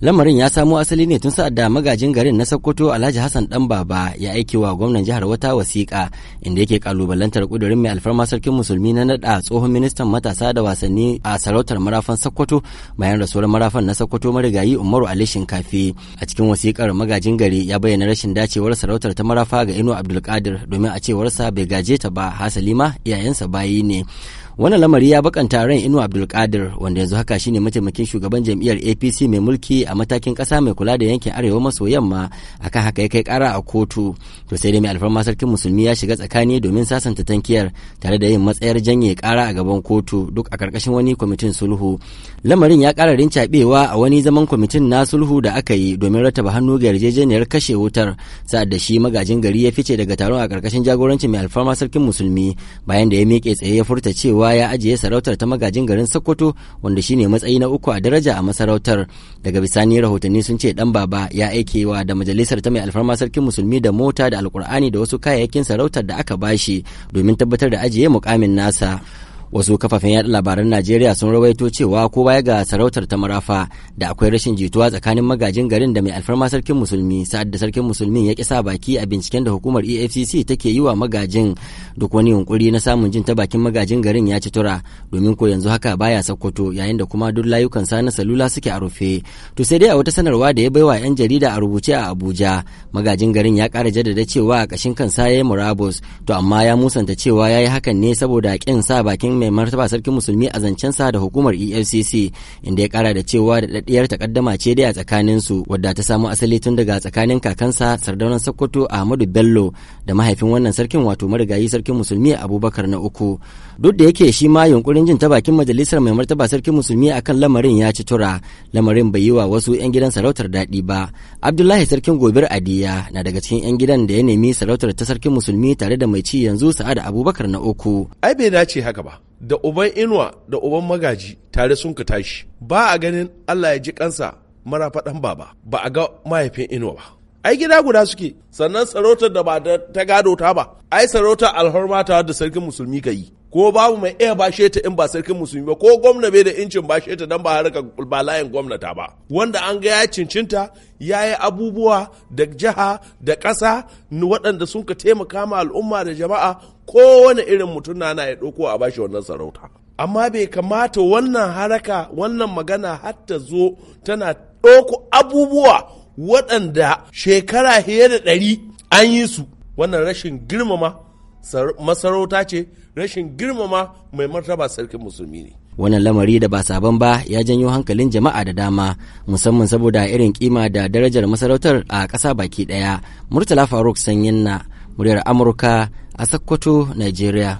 lamarin ya samo asali ne tun sa'ad da magajin garin na sokoto alhaji hassan dan baba ya aiki wa gwamnan jihar wata wasiƙa inda yake kalubalantar ƙudurin mai alfarma sarkin musulmi na naɗa tsohon ministan matasa da wasanni a sarautar marafan sokoto bayan rasuwar marafan na sokoto marigayi umaru ali shinkafi a cikin wasiƙar magajin gari ya bayyana rashin dacewar sarautar ta marafa ga inu abdulkadir domin a cewarsa bai gaje ta ba hasali ma iyayensa bayi ne wannan lamari ya bakanta ran inu abdulkadir wanda yanzu haka shine mataimakin shugaban jam'iyyar apc mai mulki a matakin kasa mai kula da yankin arewa maso yamma akan haka ya kai kara a kotu to sai dai mai alfarma sarkin musulmi ya shiga tsakani domin sasanta tankiyar tare da yin matsayar janye kara a gaban kotu duk a karkashin wani kwamitin sulhu lamarin ya kara rincaɓewa a wani zaman kwamitin na sulhu da aka yi domin rattaba hannu ga yarjejeniyar kashe wutar sa'ad da shi magajin gari ya fice daga taron a karkashin jagorancin mai alfarma sarkin musulmi bayan da ya miƙe tsaye ya furta cewa cewa ya ajiye sarautar ta magajin garin Sokoto wanda shine matsayi na uku a daraja a masarautar. Daga bisani rahotanni sun ce dan baba ya aikewa da majalisar ta mai alfarma sarkin musulmi da mota da alkur'ani da wasu kayayyakin sarautar da aka bashi domin tabbatar da ajiye mukamin nasa. wasu kafafen yaɗa labaran najeriya sun rawaito cewa ko baya ga sarautar ta marafa da akwai rashin jituwa tsakanin magajin garin da mai alfarma sarkin musulmi sa'ad da sarkin musulmin ya kisa baki a binciken da hukumar efcc take yi wa magajin duk wani yunkuri na samun jin ta bakin magajin garin ya ci tura domin ko yanzu haka baya sakkwato yayin da kuma duk layukan sa na salula suke a rufe to sai dai a wata sanarwa da ya baiwa yan jarida a rubuce a abuja magajin garin ya kara jaddada cewa a kashin kansa ya yi murabus to amma ya musanta cewa ya yi hakan ne saboda kin sa bakin mai martaba sarkin musulmi a zancensa da hukumar efcc inda ya kara da cewa da daddiyar takaddama ce dai a tsakanin su wadda ta samo asali tun daga tsakanin kakansa sardaunan sokoto ahmadu bello da mahaifin wannan sarkin wato marigayi sarkin musulmi abubakar na uku duk da yake shi ma yunkurin jin ta bakin majalisar mai martaba sarkin musulmi akan lamarin ya ci tura lamarin bai yi wa wasu 'yan gidan sarautar daɗi ba abdullahi sarkin gobir adiya na daga cikin 'yan gidan da ya nemi sarautar ta sarkin musulmi tare da mai ci yanzu sa'ada abubakar na uku ai bai dace haka ba da uban inuwa da uban magaji tare sun ka tashi ba a ganin allah ya ji kansa mara faɗan baba ba a ga mahaifin inuwa ba ai gida guda suke sannan sarautar da ba ta gado ta ba ai sarautar alhorma ta da sarkin musulmi ka yi ko babu mai iya bashe ta in ba sarkin musulmi ba ko gwamna bai da incin bashe ta dan ba harkar ba layin gwamnata ba wanda an ga ya cincinta ya yi abubuwa da jiha da ƙasa waɗanda sun ka taimaka ma al'umma da jama'a kowane irin mutum na ya ɗauko a bashi wannan sarauta amma bai kamata wannan haraka wannan magana hatta zo tana ɗauko abubuwa waɗanda shekara fiye da ɗari an yi su wannan rashin girmama masarauta ce rashin girmama mai martaba sarkin musulmi ne wannan lamari da ba sabon ba ya janyo hankalin jama'a da dama musamman saboda irin kima da darajar masarautar a ƙasa baki ɗaya murtala faruk sanyin na muryar amurka a sokoto nigeria